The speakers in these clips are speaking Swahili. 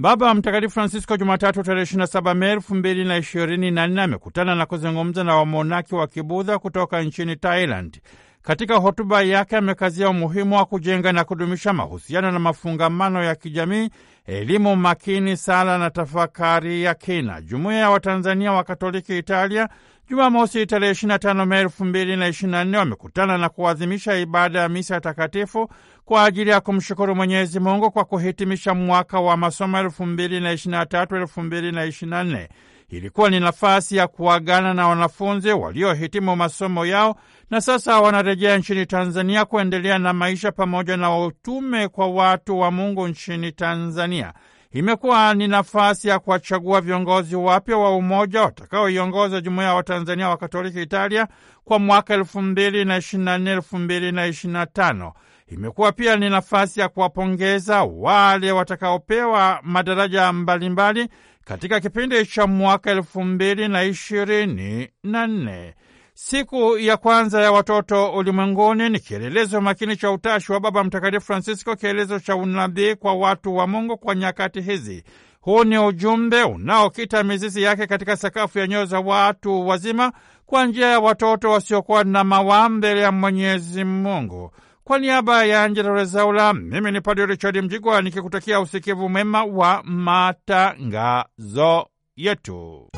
Baba Mtakatifu Francisco Jumatatu tarehe 27 Mei 2 na amekutana na kuzungumza na wamonaki wa kibudha kutoka nchini Thailand. Katika hotuba yake amekazia umuhimu wa kujenga na kudumisha mahusiano na mafungamano ya kijamii, elimu makini, sala na tafakari ya kina. Jumuiya ya Watanzania wa Katoliki Italia Jumamosi tarehe 25 Mei 2024 wamekutana na kuadhimisha ibada ya misa ya takatifu kwa ajili ya kumshukuru Mwenyezi Mungu kwa kuhitimisha mwaka wa masomo 2023-2024. Ilikuwa ni nafasi ya kuagana na wanafunzi waliohitimu masomo yao na sasa wanarejea nchini Tanzania kuendelea na maisha pamoja na utume kwa watu wa Mungu nchini Tanzania imekuwa ni nafasi ya kuwachagua viongozi wapya wa umoja watakaoiongoza jumuiya ya Watanzania wa Katoliki Italia kwa mwaka elfu mbili na ishirini na nne elfu mbili na ishirini na tano. Imekuwa pia ni nafasi ya kuwapongeza wale watakaopewa madaraja mbalimbali katika kipindi cha mwaka elfu mbili na ishirini na nne. Siku ya kwanza ya watoto ulimwenguni ni kielelezo makini cha utashi wa Baba Mtakatifu Francisco, kielelezo cha unabii kwa watu wa Mungu kwa nyakati hizi. Huu ni ujumbe unaokita mizizi yake katika sakafu ya nyoyo za watu wazima kwa njia ya watoto wasiokuwa na mawaa mbele ya Mwenyezi Mungu. Kwa niaba ya Angela Rezaula, mimi ni Padre Richard Mjigwa nikikutakia usikivu mwema wa matangazo yetu.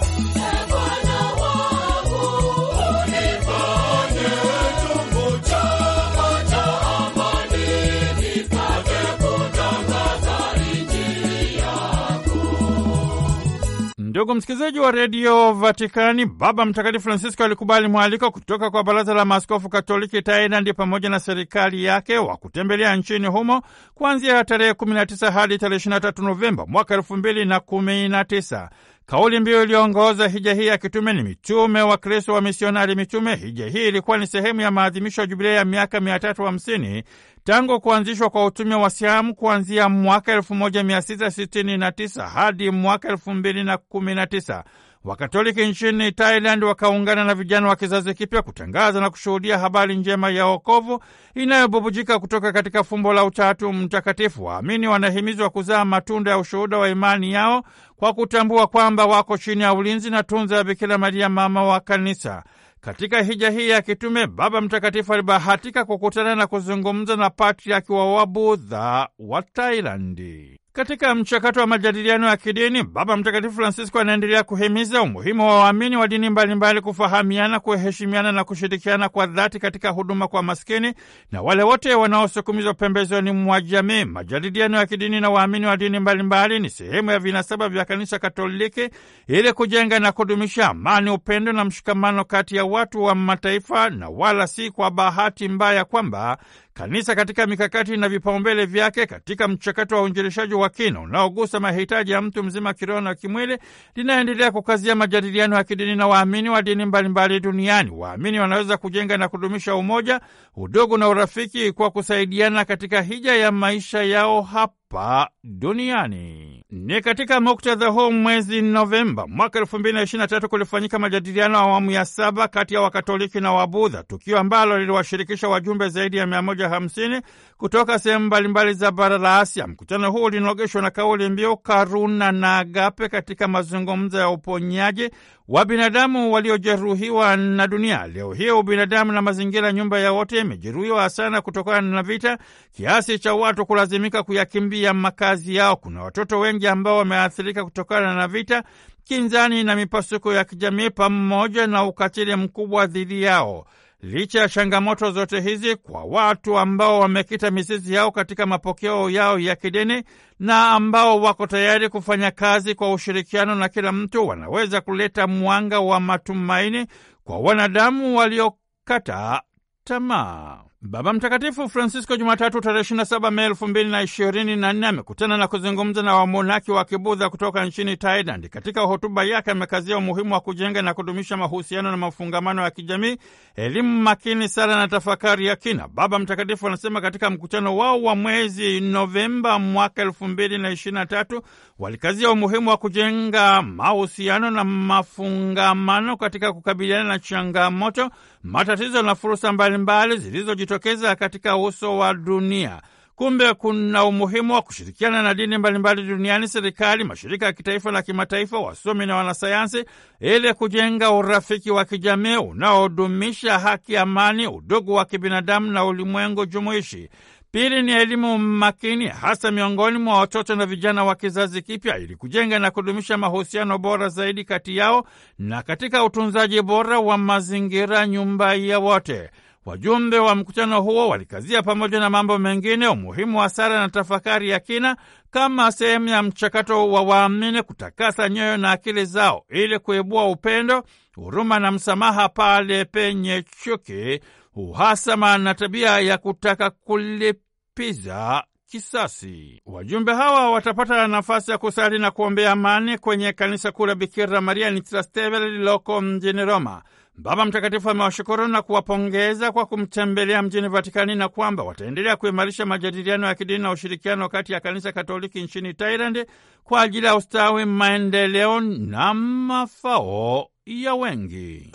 Ndugu msikilizaji wa redio Vatikani, Baba Mtakatifu Francisco alikubali mwaliko kutoka kwa Baraza la Maaskofu Katoliki Thailand pamoja na serikali yake wa kutembelea nchini humo kuanzia tarehe 19 hadi tarehe 23 Novemba mwaka 2019. Kauli mbiu iliyoongoza hija hii ya kitume ni mitume wa Kristo wa misionari mitume. Hija hii ilikuwa ni sehemu ya maadhimisho ya jubilei ya miaka mia tatu hamsini tangu kuanzishwa kwa utume wa Siamu kuanzia mwaka elfu moja mia sita sitini na tisa hadi mwaka elfu mbili na kumi na tisa. Wakatoliki nchini Thailand wakaungana na vijana wa kizazi kipya kutangaza na kushuhudia habari njema ya wokovu inayobubujika kutoka katika fumbo la Utatu Mtakatifu. Waamini wanahimizwa kuzaa matunda ya ushuhuda wa imani yao kwa kutambua kwamba wako chini ya ulinzi na tunza ya Bikira Maria, mama wa Kanisa. Katika hija hii ya kitume, Baba Mtakatifu alibahatika kukutana na kuzungumza na patriaki wa Wabudha wa Tailandi. Katika mchakato wa majadiliano ya kidini, Baba Mtakatifu Francisco anaendelea kuhimiza umuhimu wa waamini wa dini mbalimbali kufahamiana, kuheshimiana na kushirikiana kwa dhati katika huduma kwa maskini na wale wote wanaosukumizwa pembezoni mwa jamii. Majadiliano ya kidini na waamini wa dini mbalimbali ni sehemu ya vinasaba vya Kanisa Katoliki ili kujenga na kudumisha amani, upendo na mshikamano kati ya watu wa mataifa, na wala si kwa bahati mbaya kwamba kanisa katika mikakati na vipaumbele vyake katika mchakato wa uinjilishaji wa kina unaogusa mahitaji ya mtu mzima kiroho na kimwili, linaendelea kukazia majadiliano ya kidini na waamini wa dini mbalimbali duniani. Waamini wanaweza kujenga na kudumisha umoja, udugu na urafiki kwa kusaidiana katika hija ya maisha yao hapa hapa duniani. Ni katika muktadha huu, mwezi Novemba mwaka elfu mbili na ishirini na tatu kulifanyika majadiliano ya awamu ya saba kati ya Wakatoliki na Wabudha, tukio ambalo liliwashirikisha wajumbe zaidi ya mia moja hamsini kutoka sehemu mbalimbali za bara la Asia. Mkutano huu ulinogeshwa na kauli mbiu karuna na agape katika mazungumzo ya uponyaji wa binadamu waliojeruhiwa na dunia. Leo hii ubinadamu na mazingira, nyumba ya wote, imejeruhiwa sana kutokana na vita kiasi cha watu kulazimika kuyakimbia makazi yao. Kuna watoto wengi ambao wameathirika kutokana na vita, kinzani na mipasuko ya kijamii pamoja na ukatili mkubwa dhidi yao. Licha ya changamoto zote hizi, kwa watu ambao wamekita mizizi yao katika mapokeo yao ya kidini na ambao wako tayari kufanya kazi kwa ushirikiano na kila mtu, wanaweza kuleta mwanga wa matumaini kwa wanadamu waliokata tamaa. Baba Mtakatifu Francisco Jumatatu tarehe 27 Mei 2024 amekutana na kuzungumza na wamonaki wa kibudha kutoka nchini Thailand. Katika hotuba yake amekazia umuhimu wa kujenga na kudumisha mahusiano na mafungamano ya kijamii, elimu makini, sala na tafakari ya kina. Baba Mtakatifu anasema katika mkutano wao wa mwezi Novemba mwaka 2023 walikazia umuhimu wa kujenga mahusiano na mafungamano katika kukabiliana na changamoto, matatizo na fursa mbalimbali zilizo kujitokeza katika uso wa dunia. Kumbe kuna umuhimu wa kushirikiana na dini mbalimbali duniani, serikali, mashirika ya kitaifa na kimataifa, wasomi na wanasayansi, ili kujenga urafiki wa kijamii unaodumisha haki, amani, udugu wa kibinadamu na ulimwengu jumuishi. Pili ni elimu makini, hasa miongoni mwa watoto na vijana wa kizazi kipya, ili kujenga na kudumisha mahusiano bora zaidi kati yao na katika utunzaji bora wa mazingira, nyumba ya wote. Wajumbe wa mkutano huo walikazia pamoja na mambo mengine umuhimu wa sala na tafakari ya kina kama sehemu ya mchakato wa waamini kutakasa nyoyo na akili zao ili kuibua upendo, huruma na msamaha pale penye chuki, uhasama na tabia ya kutaka kulipiza kisasi. Wajumbe hawa watapata nafasi ya kusali na kuombea amani kwenye kanisa kuu la Bikira Maria ni Trastevere lililoko mjini Roma. Baba Mtakatifu amewashukuru na kuwapongeza kwa kumtembelea mjini Vatikani na kwamba wataendelea kuimarisha majadiliano ya kidini na ushirikiano kati ya kanisa Katoliki nchini Thailand kwa ajili ya ustawi, maendeleo na mafao ya wengi.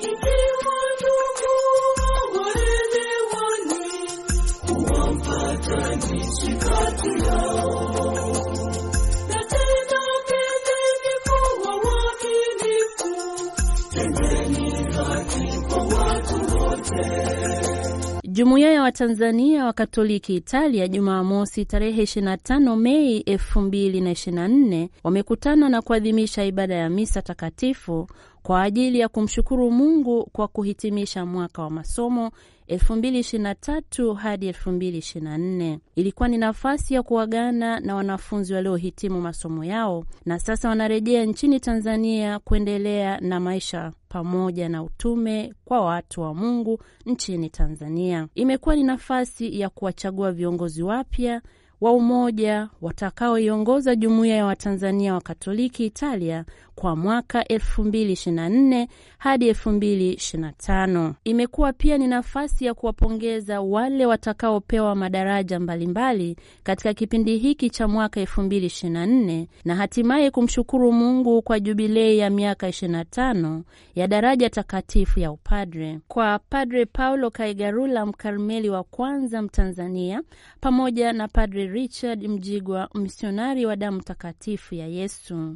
Jumuiya ya Watanzania wa Katoliki Italia Jumamosi tarehe 25 Mei 2024 wamekutana na kuadhimisha ibada ya misa takatifu kwa ajili ya kumshukuru Mungu kwa kuhitimisha mwaka wa masomo 2023 hadi 2024. Ilikuwa ni nafasi ya kuagana na wanafunzi waliohitimu masomo yao na sasa wanarejea nchini Tanzania kuendelea na maisha pamoja na utume kwa watu wa Mungu nchini Tanzania. Imekuwa ni nafasi ya kuwachagua viongozi wapya wa umoja watakaoiongoza jumuiya ya Watanzania wa Katoliki Italia kwa mwaka 2024 hadi 2025. Imekuwa pia ni nafasi ya kuwapongeza wale watakaopewa madaraja mbalimbali mbali katika kipindi hiki cha mwaka 2024 na hatimaye kumshukuru Mungu kwa jubilei ya miaka 25 ya daraja takatifu ya upadre. Kwa Padre Paulo Kaigarula, mkarmeli wa kwanza Mtanzania, pamoja na Padre Richard Mjigwa, misionari wa damu takatifu ya Yesu.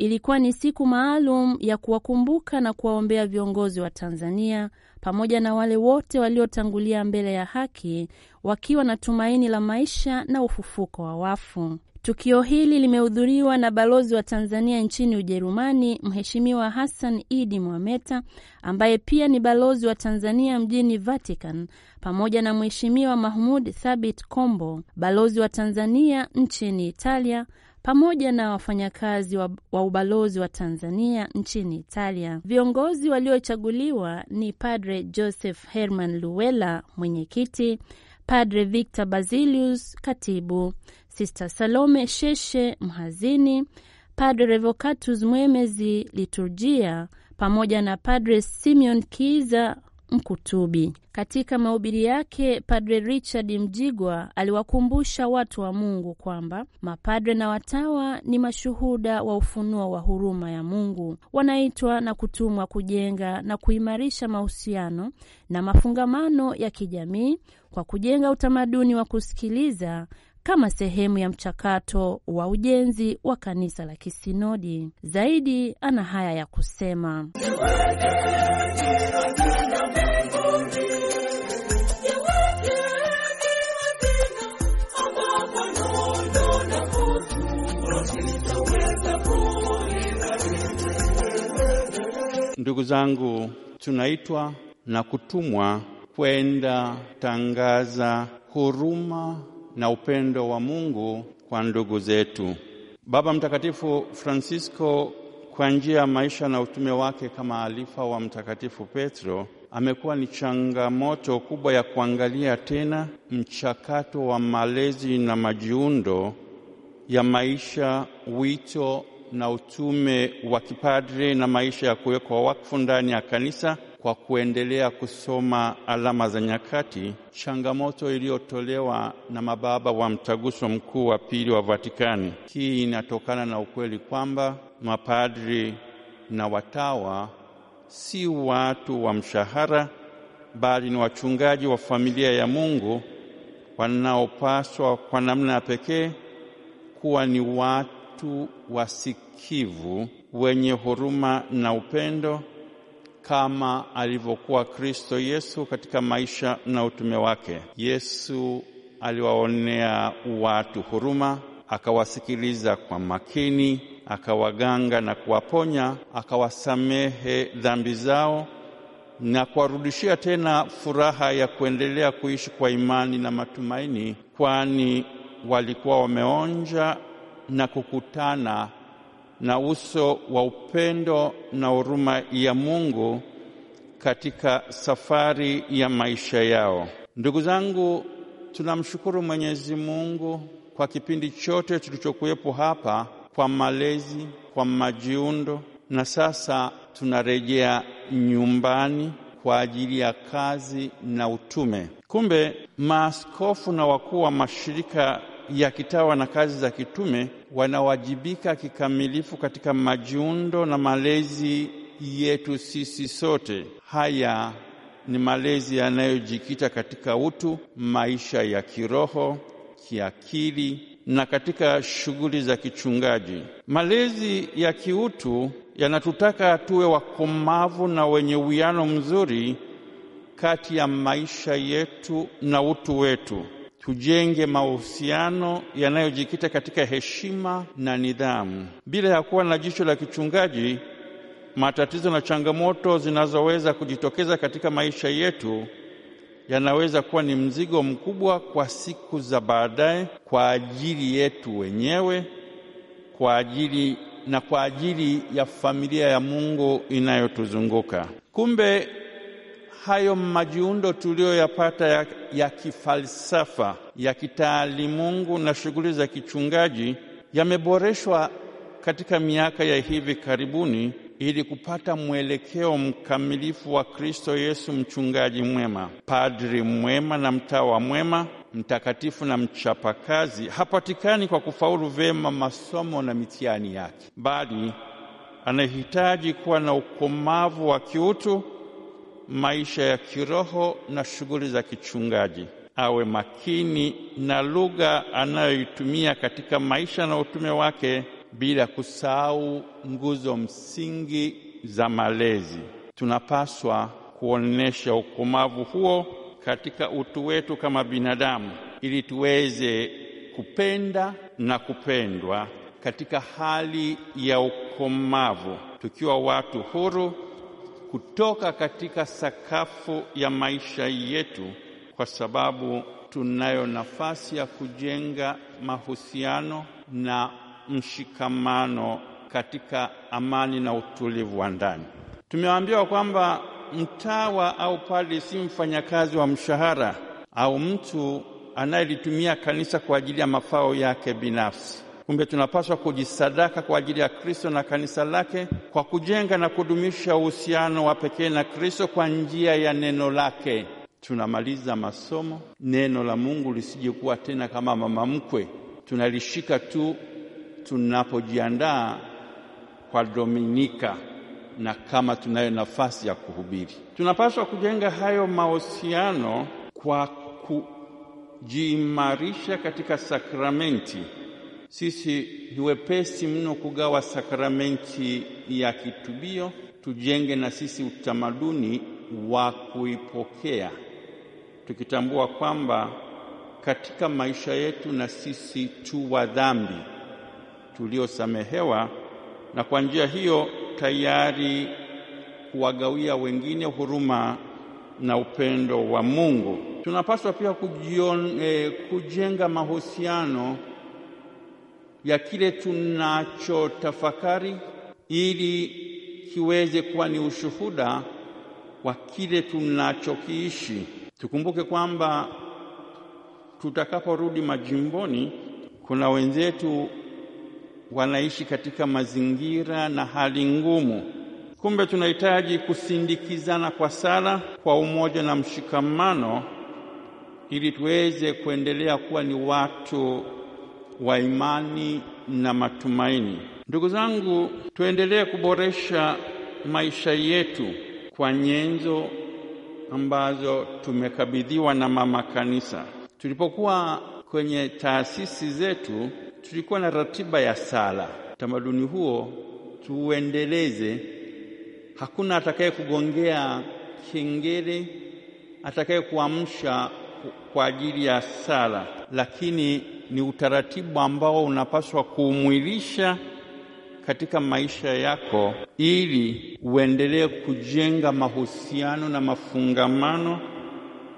Ilikuwa ni siku maalum ya kuwakumbuka na kuwaombea viongozi wa Tanzania pamoja na wale wote waliotangulia mbele ya haki wakiwa na tumaini la maisha na ufufuko wa wafu. Tukio hili limehudhuriwa na balozi wa Tanzania nchini Ujerumani, Mheshimiwa Hassan Idi Mwameta, ambaye pia ni balozi wa Tanzania mjini Vatican, pamoja na Mheshimiwa Mahmud Thabit Kombo, balozi wa Tanzania nchini Italia, pamoja na wafanyakazi wa, wa ubalozi wa Tanzania nchini Italia. Viongozi waliochaguliwa ni Padre Joseph Herman luela mwenyekiti, Padre Victor Basilius, katibu, Sister Salome Sheshe, mhazini, Padre Revocatus Mwemezi, liturjia, pamoja na Padre Simeon Kiza Mkutubi. Katika mahubiri yake, Padre Richard Mjigwa aliwakumbusha watu wa Mungu kwamba mapadre na watawa ni mashuhuda wa ufunuo wa huruma ya Mungu, wanaitwa na kutumwa kujenga na kuimarisha mahusiano na mafungamano ya kijamii kwa kujenga utamaduni wa kusikiliza kama sehemu ya mchakato wa ujenzi wa kanisa la kisinodi. Zaidi ana haya ya kusema Ndugu zangu, tunaitwa na kutumwa kwenda tangaza huruma na upendo wa Mungu kwa ndugu zetu. Baba Mtakatifu Francisco kwa njia ya maisha na utume wake kama alifa wa Mtakatifu Petro amekuwa ni changamoto kubwa ya kuangalia tena mchakato wa malezi na majiundo ya maisha, wito na utume wa kipadre na maisha ya kuwekwa wakfu ndani ya kanisa kwa kuendelea kusoma alama za nyakati, changamoto iliyotolewa na mababa wa mtaguso mkuu wa pili wa Vatikani. Hii inatokana na ukweli kwamba mapadri na watawa si watu wa mshahara, bali ni wachungaji wa familia ya Mungu wanaopaswa kwa namna ya pekee kuwa ni watu wasikivu wenye huruma na upendo kama alivyokuwa Kristo Yesu katika maisha na utume wake. Yesu aliwaonea watu huruma, akawasikiliza kwa makini akawaganga na kuwaponya, akawasamehe dhambi zao na kuwarudishia tena furaha ya kuendelea kuishi kwa imani na matumaini, kwani walikuwa wameonja na kukutana na uso wa upendo na huruma ya Mungu katika safari ya maisha yao. Ndugu zangu, tunamshukuru Mwenyezi Mungu kwa kipindi chote tulichokuwepo hapa kwa malezi, kwa majiundo, na sasa tunarejea nyumbani kwa ajili ya kazi na utume. Kumbe maaskofu na wakuu wa mashirika ya kitawa na kazi za kitume wanawajibika kikamilifu katika majiundo na malezi yetu sisi sote. Haya ni malezi yanayojikita katika utu, maisha ya kiroho, kiakili na katika shughuli za kichungaji. Malezi ya kiutu yanatutaka tuwe wakomavu na wenye uwiano mzuri kati ya maisha yetu na utu wetu. Tujenge mahusiano yanayojikita katika heshima na nidhamu. Bila ya kuwa na jicho la kichungaji, matatizo na changamoto zinazoweza kujitokeza katika maisha yetu yanaweza kuwa ni mzigo mkubwa kwa siku za baadaye, kwa ajili yetu wenyewe, kwa ajili na kwa ajili ya familia ya Mungu inayotuzunguka. Kumbe hayo majiundo tuliyoyapata ya, ya kifalsafa ya kitaalimungu na shughuli za kichungaji yameboreshwa katika miaka ya hivi karibuni ili kupata mwelekeo mkamilifu wa Kristo Yesu, mchungaji mwema, padri mwema na mtawa mwema, mtakatifu na mchapakazi, hapatikani kwa kufaulu vema masomo na mitihani yake, bali anahitaji kuwa na ukomavu wa kiutu, maisha ya kiroho na shughuli za kichungaji. Awe makini na lugha anayoitumia katika maisha na utume wake bila kusahau nguzo msingi za malezi. Tunapaswa kuonesha ukomavu huo katika utu wetu kama binadamu ili tuweze kupenda na kupendwa katika hali ya ukomavu, tukiwa watu huru kutoka katika sakafu ya maisha yetu, kwa sababu tunayo nafasi ya kujenga mahusiano na mshikamano katika amani na utulivu wa ndani. Tumeambiwa kwamba mtawa au padri si mfanyakazi wa mshahara au mtu anayelitumia kanisa kwa ajili ya mafao yake binafsi. Kumbe tunapaswa kujisadaka kwa ajili ya Kristo na kanisa lake kwa kujenga na kudumisha uhusiano wa pekee na Kristo kwa njia ya neno lake. Tunamaliza masomo, neno la Mungu lisije kuwa tena kama mama mkwe tunalishika tu tunapojiandaa kwa Dominika na kama tunayo nafasi ya kuhubiri, tunapaswa kujenga hayo mahusiano kwa kujiimarisha katika sakramenti. Sisi ni wepesi mno kugawa sakramenti ya kitubio. Tujenge na sisi utamaduni wa kuipokea, tukitambua kwamba katika maisha yetu na sisi tu wa dhambi tuliosamehewa, na kwa njia hiyo tayari kuwagawia wengine huruma na upendo wa Mungu. Tunapaswa pia kujion, eh, kujenga mahusiano ya kile tunachotafakari ili kiweze kuwa ni ushuhuda wa kile tunachokiishi. Tukumbuke kwamba tutakaporudi majimboni kuna wenzetu wanaishi katika mazingira na hali ngumu. Kumbe tunahitaji kusindikizana kwa sala, kwa umoja na mshikamano, ili tuweze kuendelea kuwa ni watu wa imani na matumaini. Ndugu zangu, tuendelee kuboresha maisha yetu kwa nyenzo ambazo tumekabidhiwa na Mama Kanisa. Tulipokuwa kwenye taasisi zetu tulikuwa na ratiba ya sala. Tamaduni huo tuuendeleze. Hakuna atakaye kugongea kengele, atakaye kuamsha kwa ajili ya sala, lakini ni utaratibu ambao unapaswa kuumwilisha katika maisha yako ili uendelee kujenga mahusiano na mafungamano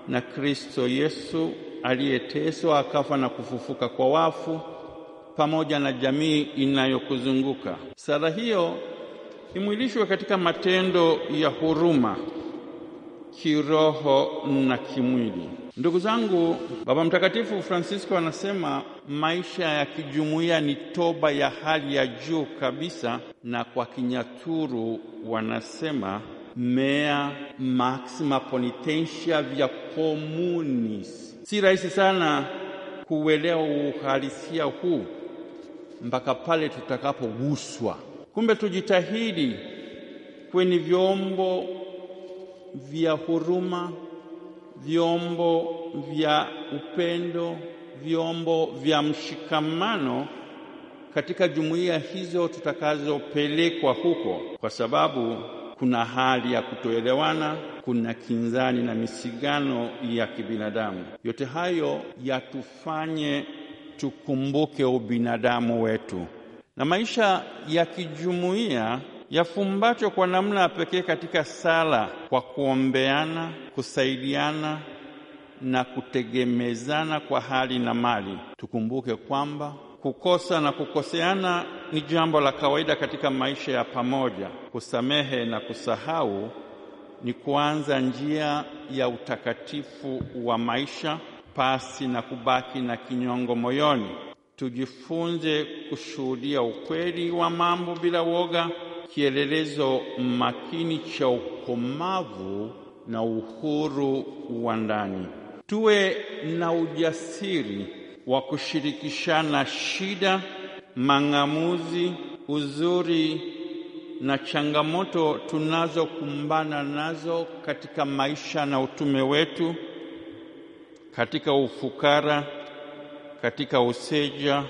na Kristo Yesu aliyeteswa akafa na kufufuka kwa wafu pamoja na jamii inayokuzunguka. Sala hiyo imwilishwe katika matendo ya huruma kiroho na kimwili. Ndugu zangu, Baba Mtakatifu Francisco anasema maisha ya kijumuiya ni toba ya hali ya juu kabisa, na kwa Kinyaturu wanasema mea maxima ponitentia via communis. Si rahisi sana kuuelewa uhalisia huu mpaka pale tutakapoguswa. Kumbe tujitahidi kwenye vyombo vya huruma, vyombo vya upendo, vyombo vya mshikamano katika jumuiya hizo tutakazopelekwa huko, kwa sababu kuna hali ya kutoelewana, kuna kinzani na misigano ya kibinadamu. Yote hayo yatufanye tukumbuke ubinadamu wetu, na maisha ya kijumuiya yafumbatwe kwa namna ya pekee katika sala, kwa kuombeana, kusaidiana na kutegemezana kwa hali na mali. Tukumbuke kwamba kukosa na kukoseana ni jambo la kawaida katika maisha ya pamoja. Kusamehe na kusahau ni kuanza njia ya utakatifu wa maisha pasi na kubaki na kinyongo moyoni. Tujifunze kushuhudia ukweli wa mambo bila woga, kielelezo makini cha ukomavu na uhuru wa ndani. Tuwe na ujasiri wa kushirikishana shida, mang'amuzi, uzuri na changamoto tunazokumbana nazo katika maisha na utume wetu katika ufukara, katika useja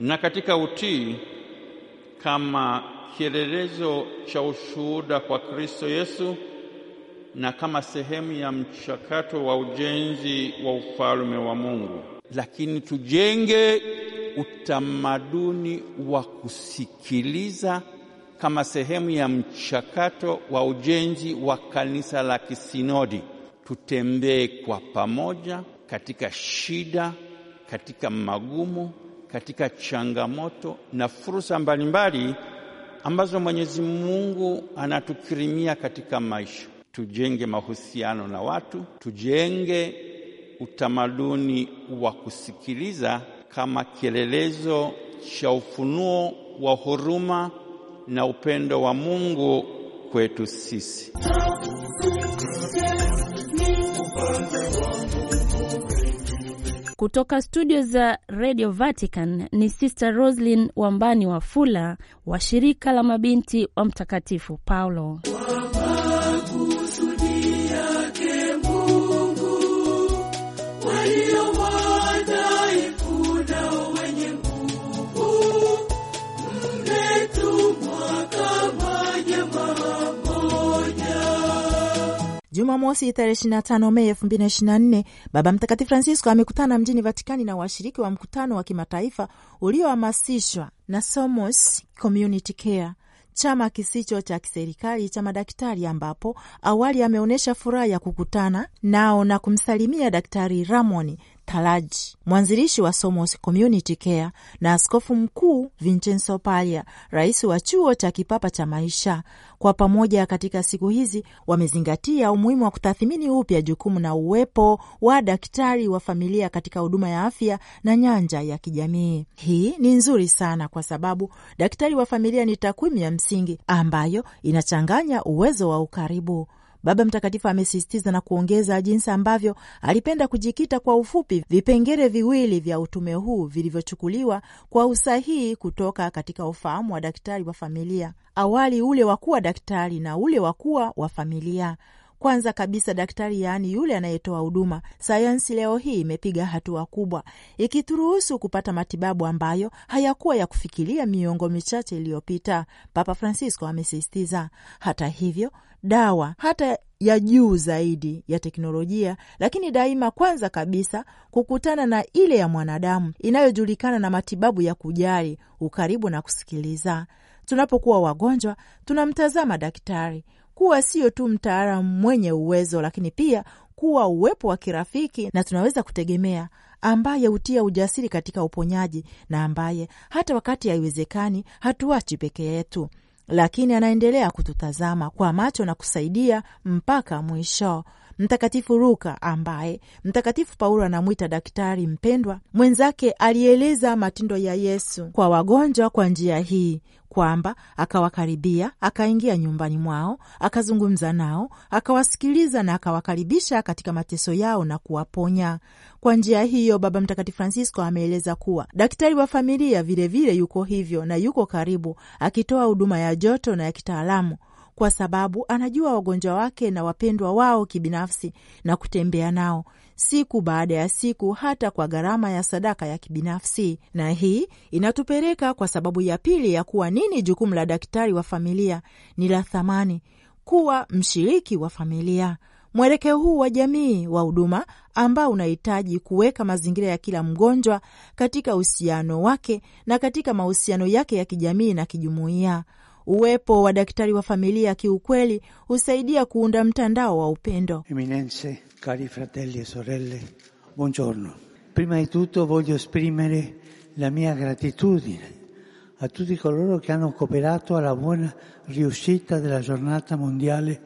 na katika utii kama kielelezo cha ushuhuda kwa Kristo Yesu na kama sehemu ya mchakato wa ujenzi wa ufalme wa Mungu. Lakini tujenge utamaduni wa kusikiliza kama sehemu ya mchakato wa ujenzi wa kanisa la kisinodi tutembee kwa pamoja katika shida, katika magumu, katika changamoto na fursa mbalimbali ambazo Mwenyezi Mungu anatukirimia katika maisha. Tujenge mahusiano na watu, tujenge utamaduni wa kusikiliza kama kielelezo cha ufunuo wa huruma na upendo wa Mungu kwetu sisi. Kutoka studio za Radio Vatican ni Sister Roslin Wambani wa fula wa shirika la mabinti wa Mtakatifu Paulo. Jumamosi tarehe 25 Mei 2024 Baba Mtakatifu Francisco amekutana mjini Vatikani na washiriki wa mkutano wa kimataifa uliohamasishwa na Somos Community Care, chama kisicho cha kiserikali cha madaktari, ambapo awali ameonyesha furaha ya kukutana nao na kumsalimia Daktari Ramoni Talaji, mwanzilishi wa Somos Community Care, na askofu mkuu Vincenzo Paglia, rais wa chuo cha kipapa cha maisha. Kwa pamoja katika siku hizi wamezingatia umuhimu wa kutathmini upya jukumu na uwepo wa daktari wa familia katika huduma ya afya na nyanja ya kijamii. Hii ni nzuri sana kwa sababu daktari wa familia ni takwimu ya msingi ambayo inachanganya uwezo wa ukaribu Baba Mtakatifu amesisitiza na kuongeza jinsi ambavyo alipenda kujikita kwa ufupi vipengele viwili vya utume huu vilivyochukuliwa kwa usahihi kutoka katika ufahamu wa daktari wa familia, awali ule wa kuwa daktari na ule wa kuwa wa familia. Kwanza kabisa daktari, yaani yule anayetoa huduma. Sayansi leo hii imepiga hatua kubwa, ikituruhusu kupata matibabu ambayo hayakuwa ya kufikiria miongo michache iliyopita, Papa Francisco amesisitiza. Hata hivyo dawa hata ya juu zaidi ya teknolojia, lakini daima kwanza kabisa kukutana na ile ya mwanadamu inayojulikana na matibabu ya kujali, ukaribu na kusikiliza. Tunapokuwa wagonjwa, tunamtazama daktari, kuwa sio tu mtaalamu mwenye uwezo, lakini pia kuwa uwepo wa kirafiki na tunaweza kutegemea, ambaye hutia ujasiri katika uponyaji na ambaye hata wakati haiwezekani hatuachi peke yetu, lakini anaendelea kututazama kwa macho na kusaidia mpaka mwisho. Mtakatifu Luka ambaye Mtakatifu Paulo anamwita daktari mpendwa mwenzake, alieleza matendo ya Yesu kwa wagonjwa kwa njia hii kwamba akawakaribia, akaingia nyumbani mwao, akazungumza nao, akawasikiliza na akawakaribisha katika mateso yao na kuwaponya. Kwa njia hiyo, Baba Mtakatifu Francisco ameeleza kuwa daktari wa familia vilevile vile yuko hivyo na yuko karibu, akitoa huduma ya joto na ya kitaalamu kwa sababu anajua wagonjwa wake na wapendwa wao kibinafsi na kutembea nao siku baada ya siku hata kwa gharama ya sadaka ya kibinafsi. Na hii inatupeleka kwa sababu ya pili ya kuwa nini jukumu la daktari wa familia ni la thamani, kuwa mshiriki wa familia. Mwelekeo huu wa jamii wa huduma ambao unahitaji kuweka mazingira ya kila mgonjwa katika uhusiano wake na katika mahusiano yake ya kijamii na kijumuiya Uwepo wa daktari wa familia kiukweli husaidia kuunda mtandao wa upendo. Eminenze, cari fratelli e sorelle, buongiorno. Prima di tutto voglio esprimere la mia gratitudine a tutti coloro che hanno cooperato alla buona riuscita della giornata mondiale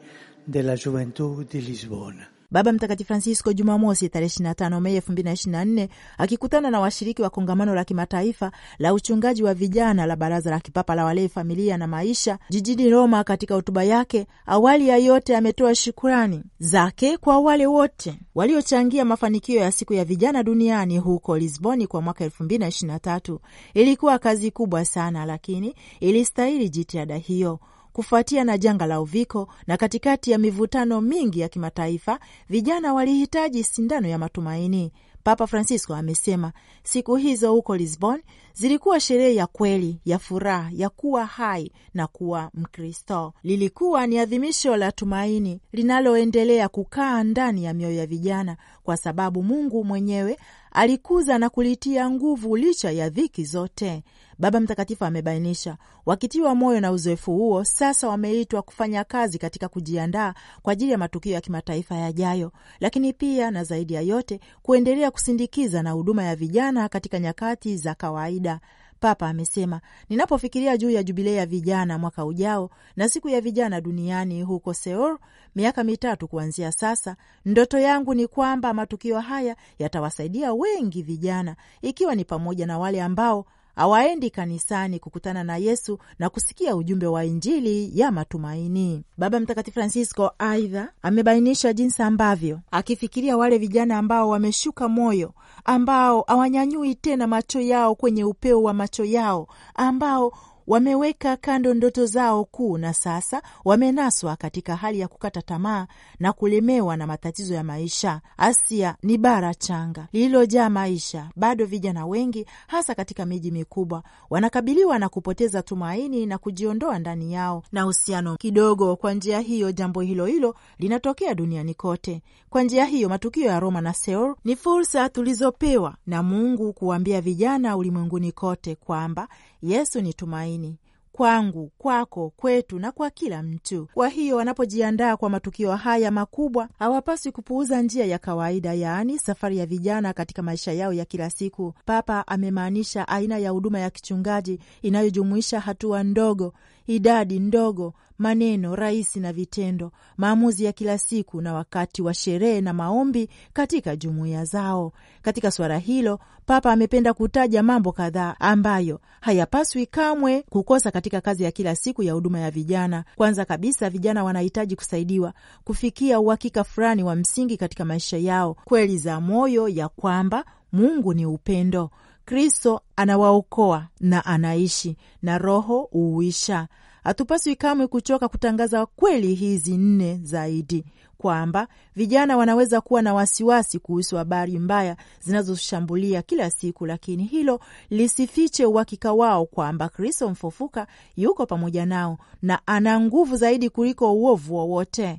della gioventù di Lisbona. Baba Mtakatifu Francisco Jumamosi tarehe 25 Mei 2024 akikutana na washiriki wa kongamano la kimataifa la uchungaji wa vijana la Baraza la Kipapa la Walei, Familia na Maisha jijini Roma, katika hotuba yake, awali ya yote ametoa shukurani zake kwa wale wote waliochangia mafanikio ya siku ya vijana duniani huko Lisboni kwa mwaka 2023. Ilikuwa kazi kubwa sana, lakini ilistahili jitihada hiyo kufuatia na janga la uviko na katikati ya mivutano mingi ya kimataifa, vijana walihitaji sindano ya matumaini. Papa Francisco amesema siku hizo huko Lisbon Zilikuwa sherehe ya kweli ya furaha ya kuwa hai na kuwa Mkristo. Lilikuwa ni adhimisho la tumaini linaloendelea kukaa ndani ya mioyo ya vijana, kwa sababu Mungu mwenyewe alikuza na kulitia nguvu licha ya dhiki zote. Baba Mtakatifu amebainisha, wakitiwa moyo na uzoefu huo, sasa wameitwa kufanya kazi katika kujiandaa kwa ajili ya matukio ya kimataifa yajayo, lakini pia na zaidi ya yote, kuendelea kusindikiza na huduma ya vijana katika nyakati za kawaida kawaida. Papa amesema, ninapofikiria juu ya jubilei ya vijana mwaka ujao na siku ya vijana duniani huko Seoul miaka mitatu kuanzia sasa, ndoto yangu ni kwamba matukio haya yatawasaidia wengi vijana, ikiwa ni pamoja na wale ambao hawaendi kanisani kukutana na Yesu na kusikia ujumbe wa Injili ya matumaini. Baba Mtakatifu Francisco aidha amebainisha jinsi ambavyo akifikiria wale vijana ambao wameshuka moyo, ambao hawanyanyui tena macho yao kwenye upeo wa macho yao, ambao wameweka kando ndoto zao kuu na sasa wamenaswa katika hali ya kukata tamaa na kulemewa na matatizo ya maisha. Asia ni bara changa lililojaa maisha. Bado vijana wengi, hasa katika miji mikubwa, wanakabiliwa na kupoteza tumaini na kujiondoa ndani yao na uhusiano kidogo. Kwa njia hiyo, jambo hilo hilo linatokea duniani kote. Kwa njia hiyo, matukio ya Roma na Seoul ni fursa tulizopewa na Mungu kuwaambia vijana ulimwenguni kote kwamba Yesu ni tumaini matumaini kwangu, kwako, kwetu na kwa kila mtu. Kwa hiyo wanapojiandaa kwa matukio haya makubwa, hawapaswi kupuuza njia ya kawaida, yaani safari ya vijana katika maisha yao ya kila siku. Papa amemaanisha aina ya huduma ya kichungaji inayojumuisha hatua ndogo, idadi ndogo, maneno rahisi na vitendo, maamuzi ya kila siku na wakati wa sherehe na maombi katika jumuiya zao. Katika suala hilo, Papa amependa kutaja mambo kadhaa ambayo hayapaswi kamwe kukosa katika kazi ya kila siku ya huduma ya vijana. Kwanza kabisa, vijana wanahitaji kusaidiwa kufikia uhakika fulani wa msingi katika maisha yao, kweli za moyo ya kwamba Mungu ni upendo, Kristo anawaokoa na anaishi na Roho huuisha. Hatupaswi kamwe kuchoka kutangaza kweli hizi nne zaidi, kwamba vijana wanaweza kuwa na wasiwasi kuhusu habari mbaya zinazoshambulia kila siku, lakini hilo lisifiche uhakika wao kwamba Kristo mfufuka yuko pamoja nao na ana nguvu zaidi kuliko uovu wowote.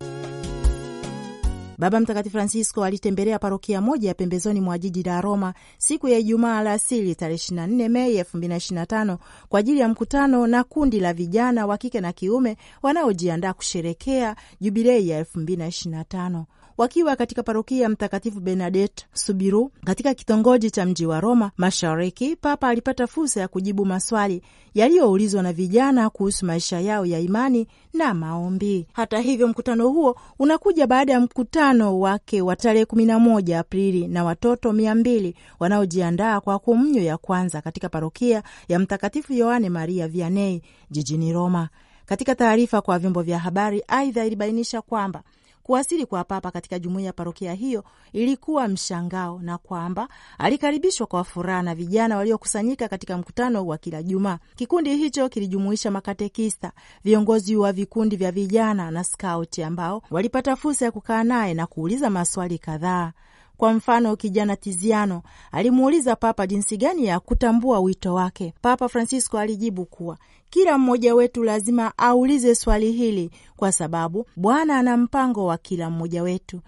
Baba Mtakatifu Francisco alitembelea parokia moja ya pembezoni mwa jiji la Roma siku ya Ijumaa alasiri tarehe 24 Mei 2025 kwa ajili ya mkutano na kundi la vijana wa kike na kiume wanaojiandaa kusherekea jubilei ya 2025 wakiwa katika parokia ya Mtakatifu benadet Subiru katika kitongoji cha mji wa Roma Mashariki, Papa alipata fursa ya kujibu maswali yaliyoulizwa na vijana kuhusu maisha yao ya imani na maombi. Hata hivyo, mkutano huo unakuja baada ya mkutano wake wa tarehe 11 Aprili na watoto mia mbili wanaojiandaa kwa kumnyo ya kwanza katika parokia ya Mtakatifu Yohane Maria Vianney jijini Roma. Katika taarifa kwa vyombo vya habari, aidha ilibainisha kwamba Kuwasili kwa papa katika jumuiya ya parokia hiyo ilikuwa mshangao, na kwamba alikaribishwa kwa furaha na vijana waliokusanyika katika mkutano wa kila Jumaa. Kikundi hicho kilijumuisha makatekista, viongozi wa vikundi vya vijana na skauti, ambao walipata fursa ya kukaa naye na kuuliza maswali kadhaa. Kwa mfano, kijana Tiziano alimuuliza Papa jinsi gani ya kutambua wito wake. Papa Francisco alijibu kuwa kila mmoja wetu lazima aulize swali hili, kwa sababu Bwana ana mpango wa kila mmoja wetu.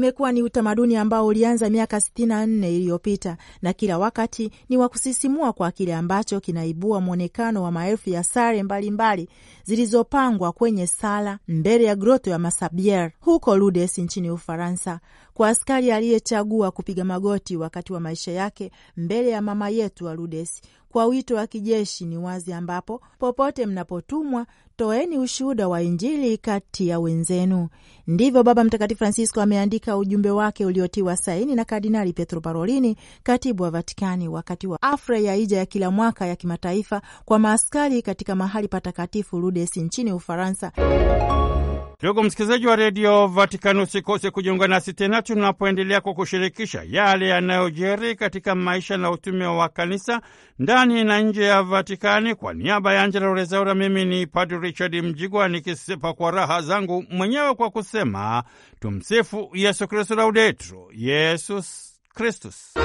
Imekuwa ni utamaduni ambao ulianza miaka sitini nne iliyopita na kila wakati ni wa kusisimua kwa kile ambacho kinaibua mwonekano wa maelfu ya sare mbalimbali zilizopangwa kwenye sala mbele ya groto ya Masabier huko Lourdes nchini Ufaransa, kwa askari aliyechagua kupiga magoti wakati wa maisha yake mbele ya mama yetu wa Lourdes kwa wito wa kijeshi ni wazi, ambapo popote mnapotumwa toeni ushuhuda wa Injili kati ya wenzenu. Ndivyo Baba Mtakatifu Francisco ameandika ujumbe wake uliotiwa saini na Kardinali petro Parolini, katibu wa Vatikani, wakati wa afra ya hija ya kila mwaka ya kimataifa kwa maaskari katika mahali patakatifu Lourdes nchini Ufaransa. Ndugu msikilizaji wa redio Vatikani, usikose kujiunga nasi tena tunapoendelea kwa kushirikisha yale yanayojeri katika maisha na utume wa kanisa ndani na nje ya Vatikani. Kwa niaba ya Angela Rezaura, mimi ni Padri Richard Mjigwa nikisepa kwa raha zangu mwenyewe kwa kusema tumsifu Yesu Kristu, laudetur Yesus Kristus.